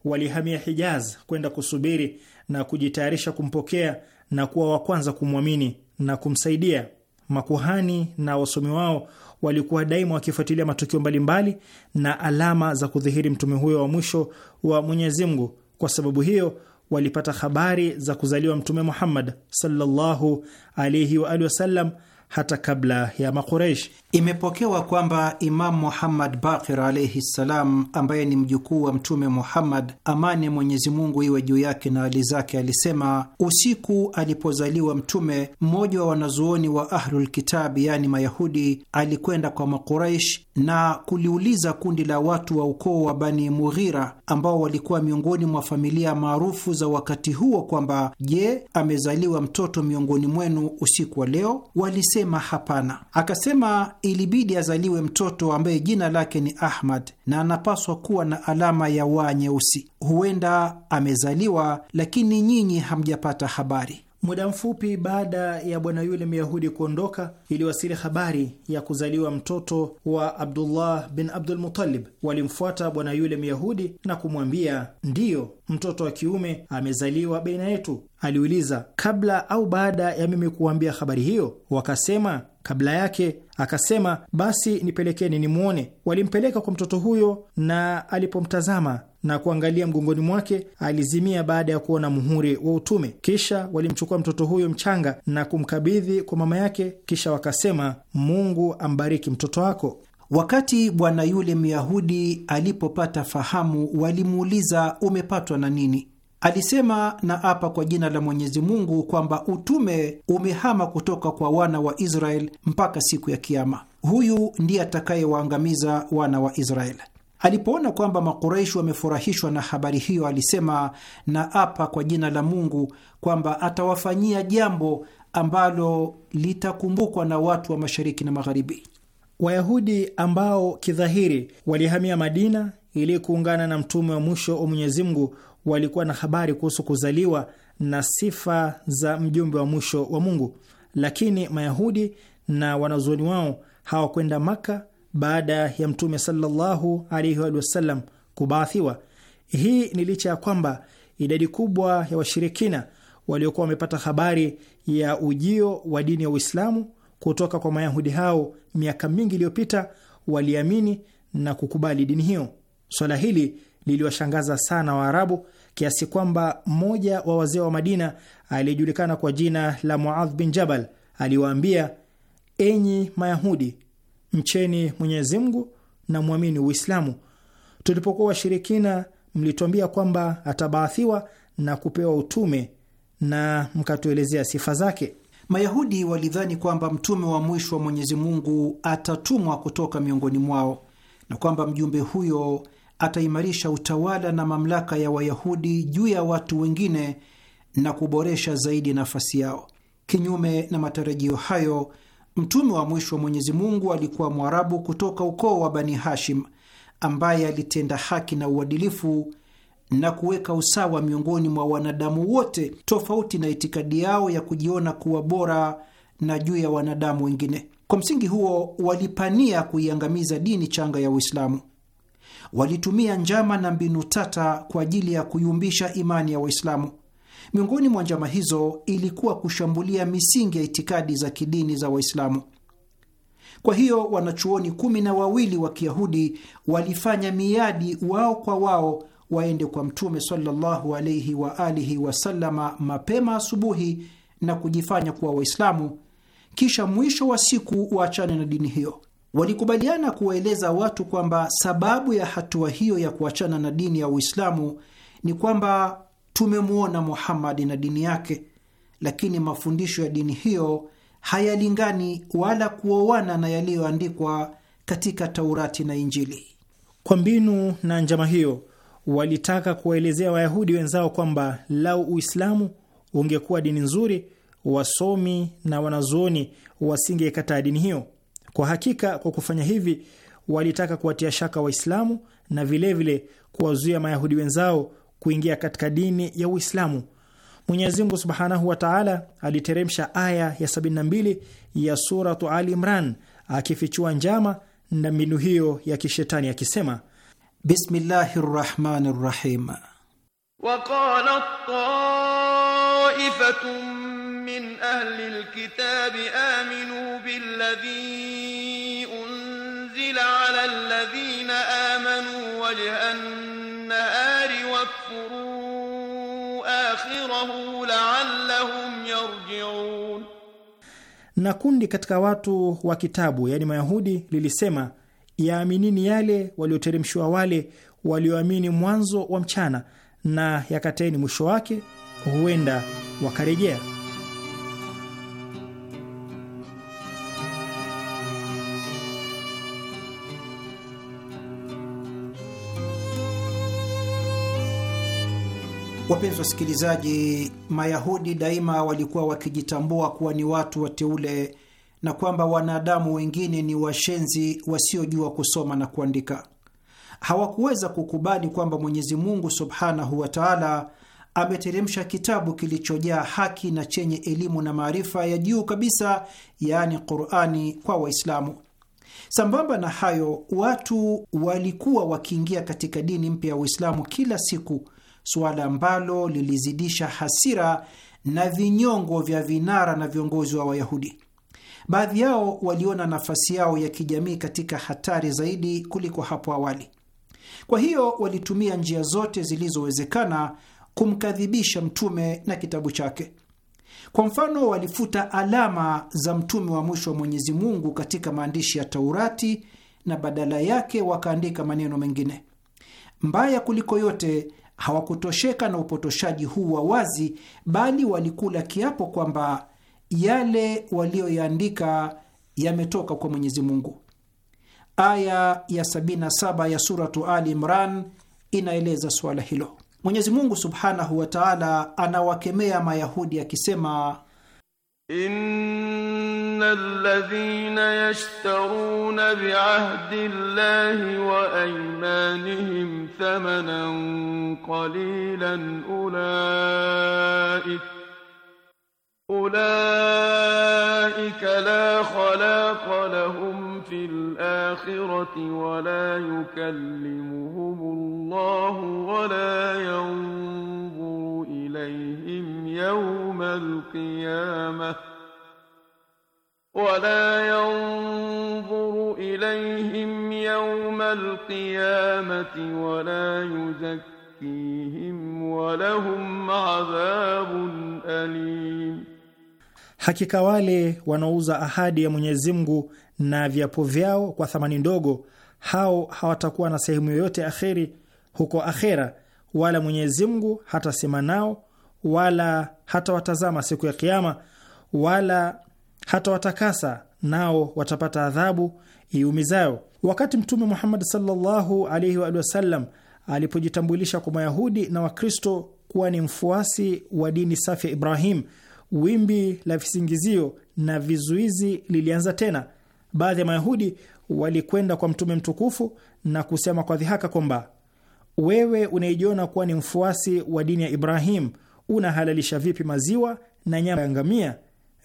walihamia Hijaz kwenda kusubiri na kujitayarisha kumpokea na kuwa wa kwanza kumwamini na kumsaidia. Makuhani na wasomi wao walikuwa daima wakifuatilia matukio mbalimbali na alama za kudhihiri mtume huyo wa mwisho wa Mwenyezi Mungu. Kwa sababu hiyo walipata habari za kuzaliwa Mtume Muhammad sallallahu alaihi wa alihi wasallam hata kabla ya Makureish. Imepokewa kwamba Imamu Muhammad Bakir alaihi ssalam, ambaye ni mjukuu wa Mtume Muhammad, amani Mwenyezi Mungu iwe juu yake na hali zake, alisema usiku alipozaliwa Mtume, mmoja wa wanazuoni wa Ahlulkitabi yaani Mayahudi alikwenda kwa Makureish na kuliuliza kundi la watu wa ukoo wa Bani Mughira ambao walikuwa miongoni mwa familia maarufu za wakati huo kwamba je, amezaliwa mtoto miongoni mwenu usiku wa leo? Walisema akasema hapana. Akasema ilibidi azaliwe mtoto ambaye jina lake ni Ahmad na anapaswa kuwa na alama ya waa nyeusi. Huenda amezaliwa, lakini nyinyi hamjapata habari. Muda mfupi baada ya bwana yule myahudi kuondoka, iliwasili habari ya kuzaliwa mtoto wa Abdullah bin Abdul Muttalib. Walimfuata bwana yule myahudi na kumwambia, ndiyo mtoto wa kiume amezaliwa baina yetu. Aliuliza, kabla au baada ya mimi kuwambia habari hiyo? Wakasema, kabla yake. Akasema, basi nipelekeni nimwone. Walimpeleka kwa mtoto huyo, na alipomtazama na kuangalia mgongoni mwake, alizimia baada ya kuona muhuri wa utume. Kisha walimchukua mtoto huyo mchanga na kumkabidhi kwa mama yake, kisha wakasema, Mungu ambariki mtoto wako. Wakati bwana yule Myahudi alipopata fahamu, walimuuliza umepatwa na nini? Alisema, na apa kwa jina la Mwenyezi Mungu kwamba utume umehama kutoka kwa wana wa Israeli mpaka siku ya Kiama. Huyu ndiye atakayewaangamiza wana wa Israeli. Alipoona kwamba Makuraishi wamefurahishwa na habari hiyo, alisema na apa kwa jina la Mungu kwamba atawafanyia jambo ambalo litakumbukwa na watu wa mashariki na magharibi. Wayahudi ambao kidhahiri walihamia Madina ili kuungana na mtume wa mwisho wa Mwenyezi Mungu walikuwa na habari kuhusu kuzaliwa na sifa za mjumbe wa mwisho wa Mungu, lakini Mayahudi na wanazuoni wao hawakwenda Maka baada ya Mtume sallallahu alaihi wasallam kubaathiwa. Hii ni licha ya kwamba idadi kubwa ya washirikina waliokuwa wamepata habari ya ujio wa dini ya Uislamu kutoka kwa Mayahudi hao miaka mingi iliyopita waliamini na kukubali dini hiyo. Swala hili liliwashangaza sana Waarabu kiasi kwamba mmoja wa wazee wa Madina aliyejulikana kwa jina la Muadh bin Jabal aliwaambia, enyi Mayahudi, mcheni Mwenyezi Mungu na mwamini Uislamu. Tulipokuwa washirikina, mlituambia kwamba atabaathiwa na kupewa utume na mkatuelezea sifa zake. Mayahudi walidhani kwamba mtume wa mwisho wa Mwenyezi Mungu atatumwa kutoka miongoni mwao na kwamba mjumbe huyo ataimarisha utawala na mamlaka ya Wayahudi juu ya watu wengine na kuboresha zaidi nafasi yao. Kinyume na matarajio hayo Mtume wa mwisho wa Mwenyezi Mungu alikuwa Mwarabu kutoka ukoo wa Bani Hashim ambaye alitenda haki na uadilifu na kuweka usawa miongoni mwa wanadamu wote, tofauti na itikadi yao ya kujiona kuwa bora na juu ya wanadamu wengine. Kwa msingi huo, walipania kuiangamiza dini changa ya Uislamu. Walitumia njama na mbinu tata kwa ajili ya kuyumbisha imani ya Waislamu. Miongoni mwa njama hizo ilikuwa kushambulia misingi ya itikadi za kidini za Waislamu. Kwa hiyo wanachuoni kumi na wawili wa Kiyahudi walifanya miadi wao kwa wao waende kwa Mtume sallallahu alaihi wa alihi wasallama mapema asubuhi na kujifanya kuwa Waislamu, kisha mwisho wa siku waachane na dini hiyo. Walikubaliana kuwaeleza watu kwamba sababu ya hatua hiyo ya kuachana na dini ya Uislamu ni kwamba tumemwona Muhammadi na dini yake, lakini mafundisho ya dini hiyo hayalingani wala kuoana na yaliyoandikwa katika Taurati na Injili. Kwa mbinu na njama hiyo walitaka kuwaelezea Wayahudi wenzao kwamba lau Uislamu ungekuwa dini nzuri, wasomi na wanazuoni wasingekataa dini hiyo. Kwa hakika, kwa kufanya hivi walitaka kuwatia shaka Waislamu na vilevile kuwazuia Mayahudi wenzao kuingia katika dini ya Uislamu. Mwenyezi Mungu subhanahu wa taala aliteremsha aya ya 72 ya Suratu Ali Imran akifichua njama na mbinu hiyo ya kishetani akisema: bismillahi rahmani rahim waqalat taifatun min ahli lkitabi aminu billadhi unzila ala alladhina amanu wajhan عنه لعلهم يرجعون. Na kundi katika watu wa kitabu yaani Mayahudi lilisema yaaminini yale walioteremshiwa wale walioamini mwanzo wa mchana na yakateni mwisho wake, huenda wakarejea. Wapenzi wasikilizaji, Mayahudi daima walikuwa wakijitambua kuwa ni watu wateule na kwamba wanadamu wengine ni washenzi wasiojua kusoma na kuandika. Hawakuweza kukubali kwamba Mwenyezi Mungu subhanahu wa taala ameteremsha kitabu kilichojaa haki na chenye elimu na maarifa ya juu kabisa, yaani Qurani kwa Waislamu. Sambamba na hayo, watu walikuwa wakiingia katika dini mpya ya Uislamu kila siku suala ambalo lilizidisha hasira na vinyongo vya vinara na viongozi wa Wayahudi. Baadhi yao waliona nafasi yao ya kijamii katika hatari zaidi kuliko hapo awali. Kwa hiyo walitumia njia zote zilizowezekana kumkadhibisha mtume na kitabu chake. Kwa mfano, walifuta alama za mtume wa mwisho wa Mwenyezi Mungu katika maandishi ya Taurati na badala yake wakaandika maneno mengine. Mbaya kuliko yote, hawakutosheka na upotoshaji huu wa wazi, bali walikula kiapo kwamba yale waliyoyaandika yametoka kwa Mwenyezi Mungu. Aya ya 77 ya Suratu Ali Imran inaeleza suala hilo. Mwenyezi Mungu subhanahu wa taala anawakemea Mayahudi akisema ان الذين يشترون بعهد الله وايمانهم ثمنا قليلا اولئك اولئك لا خلاق لهم في الاخره ولا يكلمهم الله ولا ينظرون إليهم يوم القيامة ولا ينظر إليهم يوم القيامة ولا يزكيهم ولهم عذاب أليم Hakika wale wanaouza ahadi ya Mwenyezi Mungu na viapo vyao kwa thamani ndogo, hao hawatakuwa na sehemu yoyote akheri huko akhera, wala Mwenyezi Mungu hatasema nao wala hatawatazama siku ya Kiama wala hatawatakasa, nao watapata adhabu iumizayo. Wakati Mtume Muhammad sallallahu alaihi wa sallam alipojitambulisha kwa Mayahudi na Wakristo kuwa ni mfuasi wa dini safi ya Ibrahim, wimbi la visingizio na vizuizi lilianza tena. Baadhi ya Mayahudi walikwenda kwa Mtume mtukufu na kusema kwa dhihaka kwamba wewe unaijiona kuwa ni mfuasi wa dini ya Ibrahim unahalalisha vipi maziwa na nyama ya ngamia?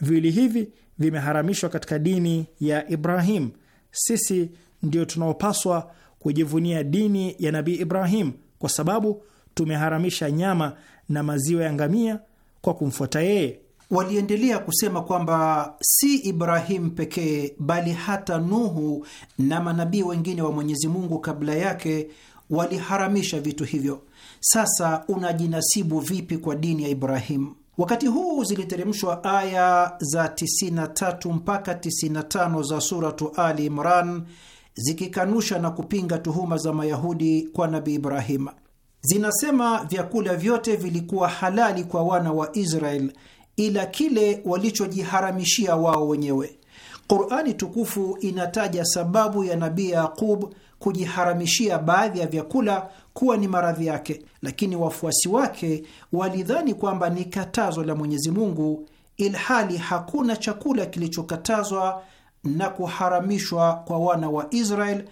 Viwili hivi vimeharamishwa katika dini ya Ibrahim. Sisi ndio tunaopaswa kujivunia dini ya Nabii Ibrahim kwa sababu tumeharamisha nyama na maziwa ya ngamia kwa kumfuata yeye. Waliendelea kusema kwamba si Ibrahimu pekee bali hata Nuhu na manabii wengine wa Mwenyezi Mungu kabla yake waliharamisha vitu hivyo sasa unajinasibu vipi kwa dini ya Ibrahimu? Wakati huu ziliteremshwa aya za 93 mpaka 95 za Suratu Ali Imran zikikanusha na kupinga tuhuma za Mayahudi kwa Nabi Ibrahim. Zinasema vyakula vyote vilikuwa halali kwa wana wa Israel ila kile walichojiharamishia wao wenyewe. Qurani tukufu inataja sababu ya nabi Yaqub kujiharamishia baadhi ya vyakula kuwa ni maradhi yake, lakini wafuasi wake walidhani kwamba ni katazo la Mwenyezi Mungu, ilhali hakuna chakula kilichokatazwa na kuharamishwa kwa wana wa Israel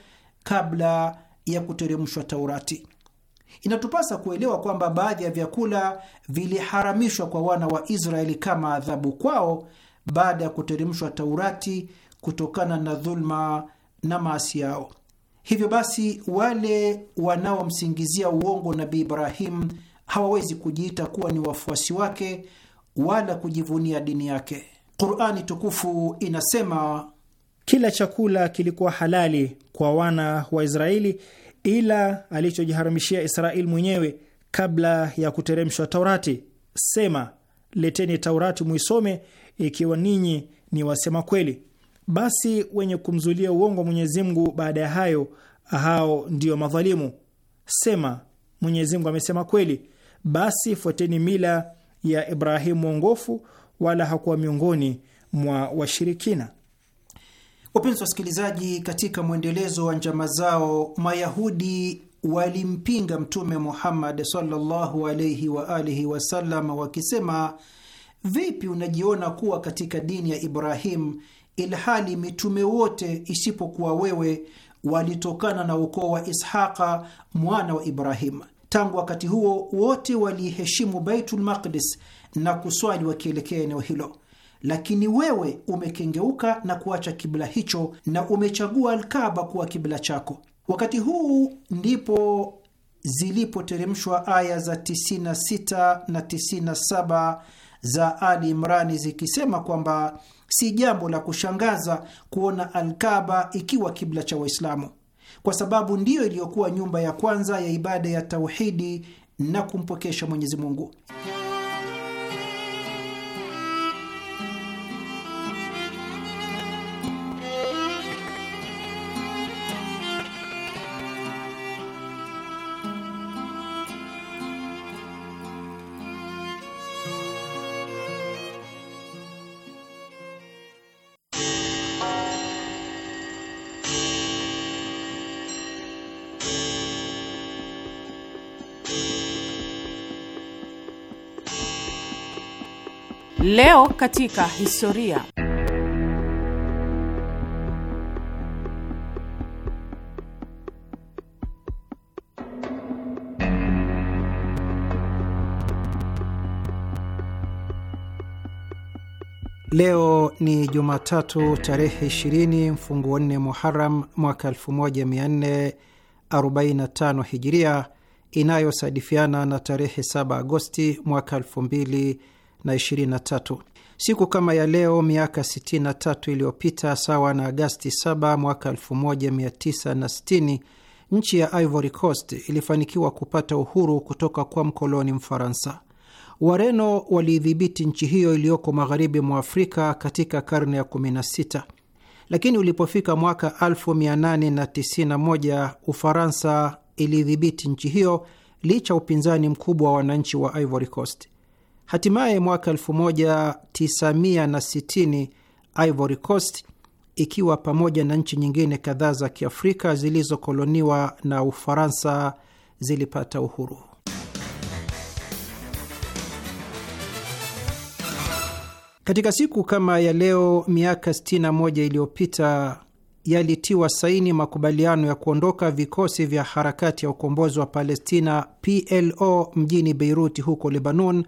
kabla ya kuteremshwa Taurati. Inatupasa kuelewa kwamba baadhi ya vyakula viliharamishwa kwa wana wa Israeli kama adhabu kwao baada ya kuteremshwa Taurati kutokana na dhulma na maasi yao. Hivyo basi wale wanaomsingizia uongo Nabii Ibrahim hawawezi kujiita kuwa ni wafuasi wake wala kujivunia dini yake. Qurani tukufu inasema, kila chakula kilikuwa halali kwa wana wa Israeli ila alichojiharamishia Israeli mwenyewe kabla ya kuteremshwa Taurati. Sema, leteni Taurati muisome, ikiwa ninyi ni wasema kweli basi wenye kumzulia uongo Mwenyezi Mungu baada ya hayo, hao ndio madhalimu. Sema, Mwenyezi Mungu amesema kweli, basi fuateni mila ya Ibrahimu mwongofu, wala hakuwa miongoni mwa washirikina. Wapenzi wasikilizaji, katika mwendelezo wa njama zao, Mayahudi walimpinga Mtume Muhammad sallallahu alaihi wa alihi wasallam wakisema, vipi unajiona kuwa katika dini ya Ibrahimu ilhali mitume wote isipokuwa wewe walitokana na ukoo wa Ishaqa mwana wa ibrahim Tangu wakati huo wote waliheshimu Baitul Maqdis na kuswali wakielekea eneo hilo, lakini wewe umekengeuka na kuacha kibla hicho na umechagua Alkaba kuwa kibla chako. Wakati huu ndipo zilipoteremshwa aya za 96 na 97 za Ali Imrani zikisema kwamba Si jambo la kushangaza kuona Alkaba ikiwa kibla cha Waislamu, kwa sababu ndiyo iliyokuwa nyumba ya kwanza ya ibada ya tauhidi na kumpokesha Mwenyezi Mungu. Leo katika historia. Leo ni Jumatatu tarehe 20 mfunguo nne Muharam mwaka 1445 Hijiria, inayosadifiana na tarehe 7 Agosti mwaka na 23. Siku kama ya leo miaka 63 iliyopita, sawa na Agasti 7 mwaka 1960, nchi ya Ivory Coast ilifanikiwa kupata uhuru kutoka kwa mkoloni Mfaransa. Wareno waliidhibiti nchi hiyo iliyoko magharibi mwa Afrika katika karne ya 16, lakini ulipofika mwaka 1891 Ufaransa ilidhibiti nchi hiyo licha upinzani mkubwa wa wananchi wa Ivory Coast. Hatimaye mwaka 1960 Ivory Coast ikiwa pamoja na nchi nyingine kadhaa za Kiafrika zilizokoloniwa na Ufaransa zilipata uhuru. Katika siku kama ya leo miaka 61 iliyopita yalitiwa saini makubaliano ya kuondoka vikosi vya harakati ya ukombozi wa Palestina PLO mjini Beiruti huko Lebanon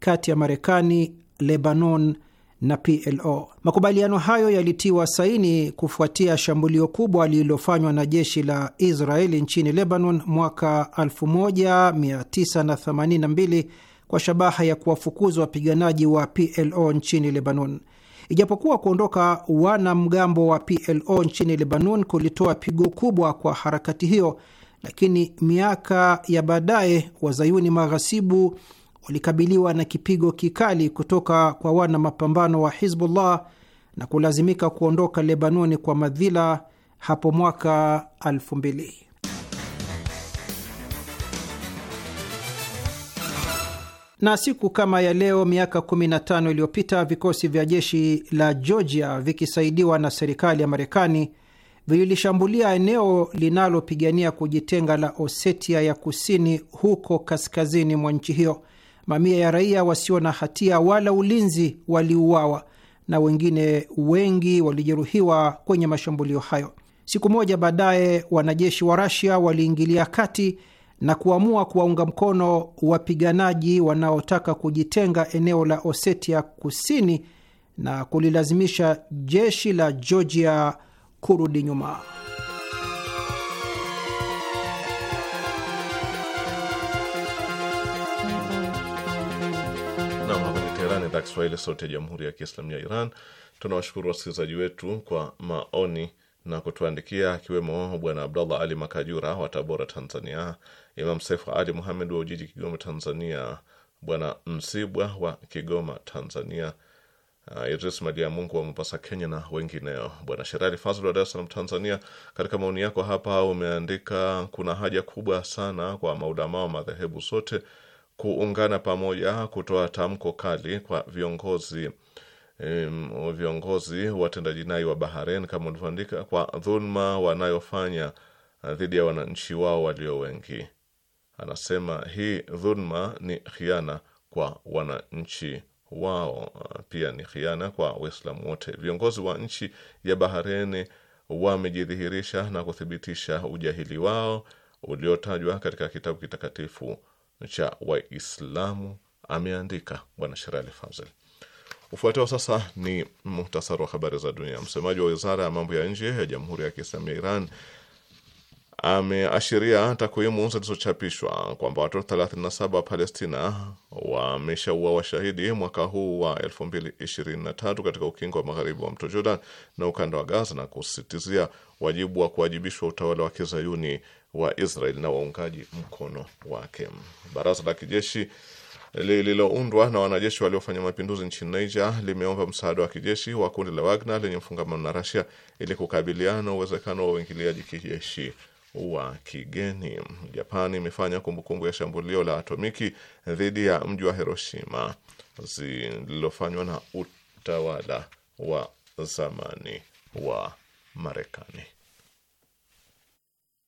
kati ya Marekani, Lebanon na PLO. Makubaliano hayo yalitiwa saini kufuatia shambulio kubwa lililofanywa na jeshi la Israeli nchini Lebanon mwaka 1982 kwa shabaha ya kuwafukuza wapiganaji wa PLO nchini Lebanon. Ijapokuwa kuondoka wanamgambo wa PLO nchini Lebanon kulitoa pigo kubwa kwa harakati hiyo, lakini miaka ya baadaye wazayuni maghasibu walikabiliwa na kipigo kikali kutoka kwa wana mapambano wa Hizbullah na kulazimika kuondoka Lebanoni kwa madhila hapo mwaka 2000. Na siku kama ya leo miaka 15 iliyopita vikosi vya jeshi la Georgia vikisaidiwa na serikali ya Marekani vilishambulia eneo linalopigania kujitenga la Osetia ya Kusini huko kaskazini mwa nchi hiyo. Mamia ya raia wasio na hatia wala ulinzi waliuawa na wengine wengi walijeruhiwa kwenye mashambulio hayo. Siku moja baadaye, wanajeshi wa Rasia waliingilia kati na kuamua kuwaunga mkono wapiganaji wanaotaka kujitenga eneo la Osetia Kusini na kulilazimisha jeshi la Georgia kurudi nyuma. Kiswahili sauti ya Jamhuri ya Kiislamu ya Iran. Tunawashukuru wasikilizaji wetu kwa maoni na kutuandikia akiwemo Bwana Abdallah Ali Makajura wa Tabora, Tanzania, Imam Saif Ali Muhamed wa Ujiji, Kigoma, Tanzania, Bwana Msibwa wa Kigoma, Tanzania, Uh, Idris Malia Mungu wa Mombasa, Kenya na wengineo. Bwana Sherali Fazl wa Dar es Salaam, Tanzania, katika maoni yako hapa umeandika kuna haja kubwa sana kwa maulamaa wa madhehebu sote kuungana pamoja kutoa tamko kali kwa viongozi um, viongozi watenda jinai wa Bahrain kama ulivyoandika, kwa dhulma wanayofanya eh, dhidi ya wananchi wao walio wengi. Anasema hii dhulma ni khiana kwa wananchi wao, eh, pia ni khiana kwa Waislamu wote. Viongozi wa nchi ya Bahrain wamejidhihirisha na kuthibitisha ujahili wao uliotajwa katika kitabu kitakatifu cha Waislamu, ameandika bwana Sherali Fazil. Ufuatao sasa ni muhtasari wa habari za dunia. Msemaji wa wizara ya mambo ya nje ya Jamhuri ya Kiislamu ya Iran ameashiria takwimu zilizochapishwa kwamba watoto 37 wa Palestina wameshaua washahidi mwaka huu wa 2023 katika ukingo wa magharibi wa mto Jordan na ukanda wa Gaza na kusisitizia wajibu wa kuwajibishwa utawala wa kizayuni wa Israel na waungaji mkono wake. Baraza la kijeshi lililoundwa na wanajeshi waliofanya mapinduzi nchini Niger limeomba msaada wa kijeshi wa kundi la Wagner lenye mfungamano na Russia ili kukabiliana na uwezekano wa uingiliaji kijeshi wa kigeni. Japan imefanya kumbukumbu ya shambulio la atomiki dhidi ya mji wa Hiroshima zililofanywa na utawala wa zamani wa Marekani.